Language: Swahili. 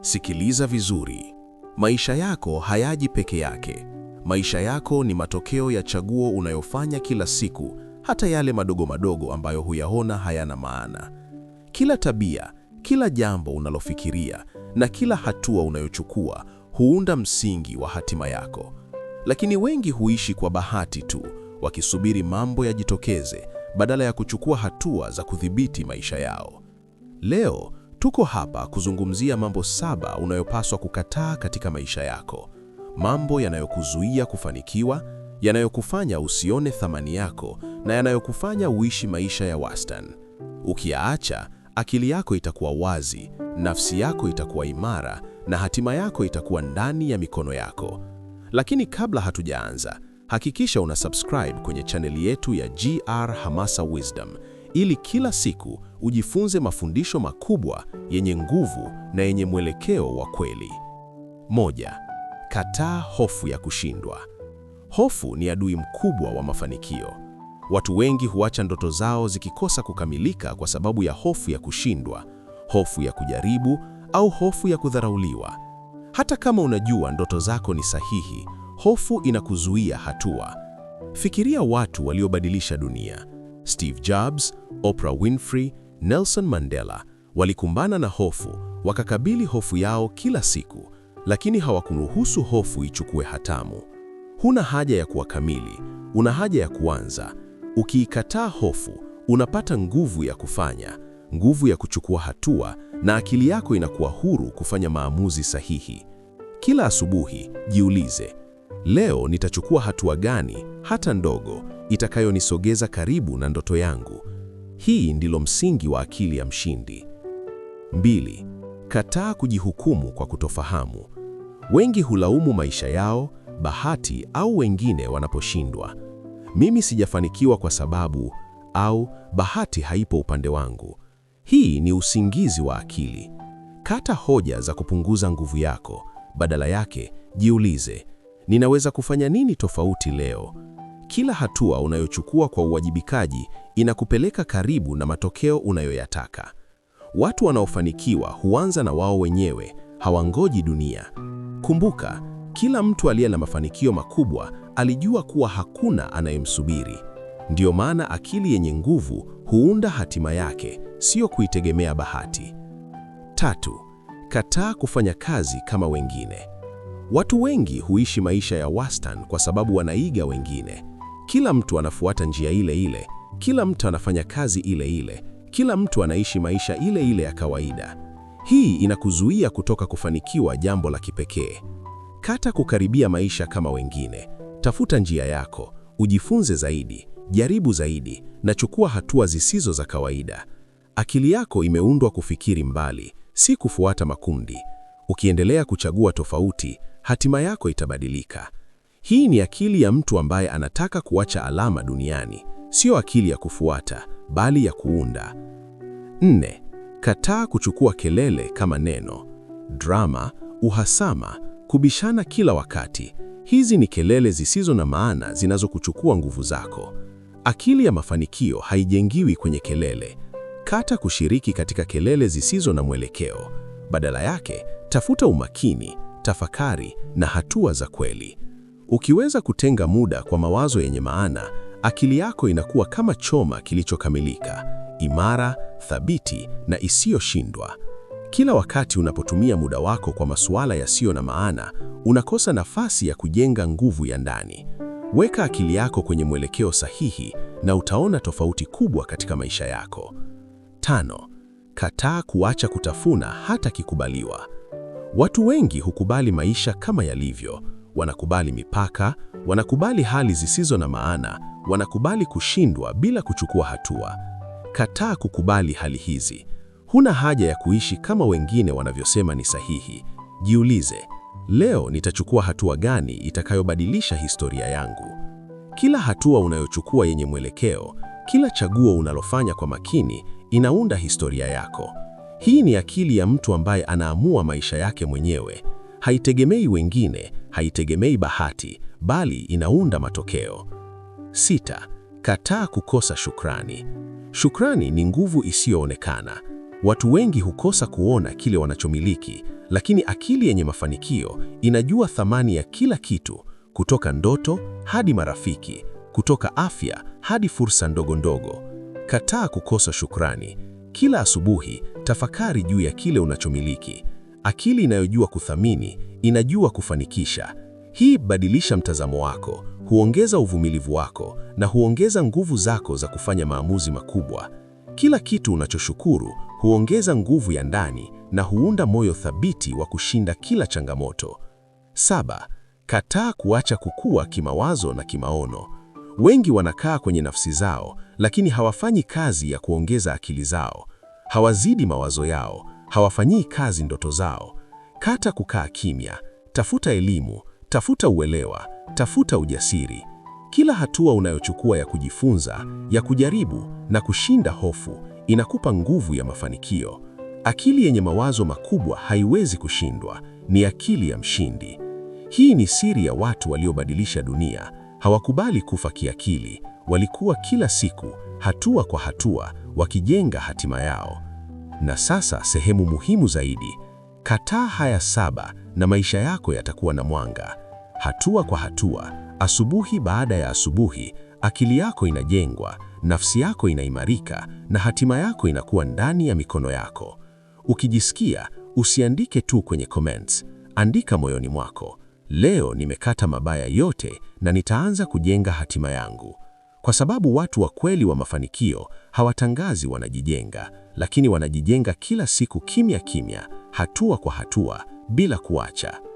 Sikiliza vizuri. Maisha yako hayaji peke yake. Maisha yako ni matokeo ya chaguo unayofanya kila siku, hata yale madogo madogo ambayo huyaona hayana maana. Kila tabia, kila jambo unalofikiria na kila hatua unayochukua huunda msingi wa hatima yako. Lakini wengi huishi kwa bahati tu, wakisubiri mambo yajitokeze badala ya kuchukua hatua za kudhibiti maisha yao. Leo Tuko hapa kuzungumzia mambo saba unayopaswa kukataa katika maisha yako, mambo yanayokuzuia kufanikiwa, yanayokufanya usione thamani yako na yanayokufanya uishi maisha ya wastani. Ukiyaacha, akili yako itakuwa wazi, nafsi yako itakuwa imara na hatima yako itakuwa ndani ya mikono yako. Lakini kabla hatujaanza, hakikisha una subscribe kwenye chaneli yetu ya GR Hamasa Wisdom ili kila siku ujifunze mafundisho makubwa yenye nguvu na yenye mwelekeo wa kweli. Moja, kataa hofu ya kushindwa. Hofu ni adui mkubwa wa mafanikio. Watu wengi huacha ndoto zao zikikosa kukamilika kwa sababu ya hofu ya kushindwa, hofu ya kujaribu au hofu ya kudharauliwa. Hata kama unajua ndoto zako ni sahihi, hofu inakuzuia hatua. Fikiria watu waliobadilisha dunia, Steve Jobs, Oprah Winfrey, Nelson Mandela walikumbana na hofu, wakakabili hofu yao kila siku, lakini hawakuruhusu hofu ichukue hatamu. Huna haja ya kuwa kamili, una haja ya kuanza. Ukiikataa hofu, unapata nguvu ya kufanya, nguvu ya kuchukua hatua, na akili yako inakuwa huru kufanya maamuzi sahihi. Kila asubuhi jiulize, Leo nitachukua hatua gani, hata ndogo, itakayonisogeza karibu na ndoto yangu? Hii ndilo msingi wa akili ya mshindi. Mbili, kataa kujihukumu kwa kutofahamu. Wengi hulaumu maisha yao, bahati au wengine wanaposhindwa. Mimi sijafanikiwa kwa sababu au bahati haipo upande wangu. Hii ni usingizi wa akili. Kata hoja za kupunguza nguvu yako. Badala yake, jiulize, Ninaweza kufanya nini tofauti leo? Kila hatua unayochukua kwa uwajibikaji inakupeleka karibu na matokeo unayoyataka. Watu wanaofanikiwa huanza na wao wenyewe, hawangoji dunia. Kumbuka, kila mtu aliye na mafanikio makubwa alijua kuwa hakuna anayemsubiri. Ndiyo maana akili yenye nguvu huunda hatima yake, sio kuitegemea bahati. Tatu, kataa kufanya kazi kama wengine. Watu wengi huishi maisha ya wastani kwa sababu wanaiga wengine. Kila mtu anafuata njia ile ile, kila mtu anafanya kazi ile ile, kila mtu anaishi maisha ile ile ya kawaida. Hii inakuzuia kutoka kufanikiwa jambo la kipekee. Kata kukaribia maisha kama wengine, tafuta njia yako, ujifunze zaidi, jaribu zaidi na chukua hatua zisizo za kawaida. Akili yako imeundwa kufikiri mbali, si kufuata makundi. Ukiendelea kuchagua tofauti, hatima yako itabadilika. Hii ni akili ya mtu ambaye anataka kuacha alama duniani, sio akili ya kufuata, bali ya kuunda. Nne, kataa kuchukua kelele kama neno. Drama, uhasama, kubishana kila wakati, hizi ni kelele zisizo na maana zinazokuchukua nguvu zako. Akili ya mafanikio haijengiwi kwenye kelele. Kata kushiriki katika kelele zisizo na mwelekeo. Badala yake, tafuta umakini, tafakari na hatua za kweli. Ukiweza kutenga muda kwa mawazo yenye maana, akili yako inakuwa kama choma kilichokamilika, imara, thabiti na isiyoshindwa. Kila wakati unapotumia muda wako kwa masuala yasiyo na maana, unakosa nafasi ya kujenga nguvu ya ndani. Weka akili yako kwenye mwelekeo sahihi na utaona tofauti kubwa katika maisha yako. Tano, kataa kuacha kutafuna hata kikubaliwa. Watu wengi hukubali maisha kama yalivyo, wanakubali mipaka, wanakubali hali zisizo na maana, wanakubali kushindwa bila kuchukua hatua. Kataa kukubali hali hizi. Huna haja ya kuishi kama wengine wanavyosema ni sahihi. Jiulize, leo nitachukua hatua gani itakayobadilisha historia yangu? Kila hatua unayochukua yenye mwelekeo, kila chaguo unalofanya kwa makini, inaunda historia yako. Hii ni akili ya mtu ambaye anaamua maisha yake mwenyewe. Haitegemei wengine, haitegemei bahati, bali inaunda matokeo. Sita, kataa kukosa shukrani. Shukrani ni nguvu isiyoonekana. Watu wengi hukosa kuona kile wanachomiliki, lakini akili yenye mafanikio inajua thamani ya kila kitu, kutoka ndoto hadi marafiki, kutoka afya hadi fursa ndogo ndogo. Kataa kukosa shukrani. Kila asubuhi Tafakari juu ya kile unachomiliki. Akili inayojua kuthamini inajua kufanikisha. Hii badilisha mtazamo wako, huongeza uvumilivu wako na huongeza nguvu zako za kufanya maamuzi makubwa. Kila kitu unachoshukuru huongeza nguvu ya ndani na huunda moyo thabiti wa kushinda kila changamoto. Saba, kataa kuacha kukua kimawazo na kimaono. Wengi wanakaa kwenye nafsi zao, lakini hawafanyi kazi ya kuongeza akili zao hawazidi mawazo yao, hawafanyii kazi ndoto zao. Kata kukaa kimya, tafuta elimu, tafuta uelewa, tafuta ujasiri. Kila hatua unayochukua ya kujifunza, ya kujaribu na kushinda hofu inakupa nguvu ya mafanikio. Akili yenye mawazo makubwa haiwezi kushindwa, ni akili ya mshindi. Hii ni siri ya watu waliobadilisha dunia. Hawakubali kufa kiakili, Walikuwa kila siku, hatua kwa hatua, wakijenga hatima yao. Na sasa sehemu muhimu zaidi, kataa haya saba na maisha yako yatakuwa na mwanga. Hatua kwa hatua, asubuhi baada ya asubuhi, akili yako inajengwa, nafsi yako inaimarika na hatima yako inakuwa ndani ya mikono yako. Ukijisikia, usiandike tu kwenye comments, andika moyoni mwako. Leo nimekata mabaya yote na nitaanza kujenga hatima yangu. Kwa sababu watu wa kweli wa mafanikio hawatangazi wanajijenga, lakini wanajijenga kila siku kimya kimya, hatua kwa hatua, bila kuacha.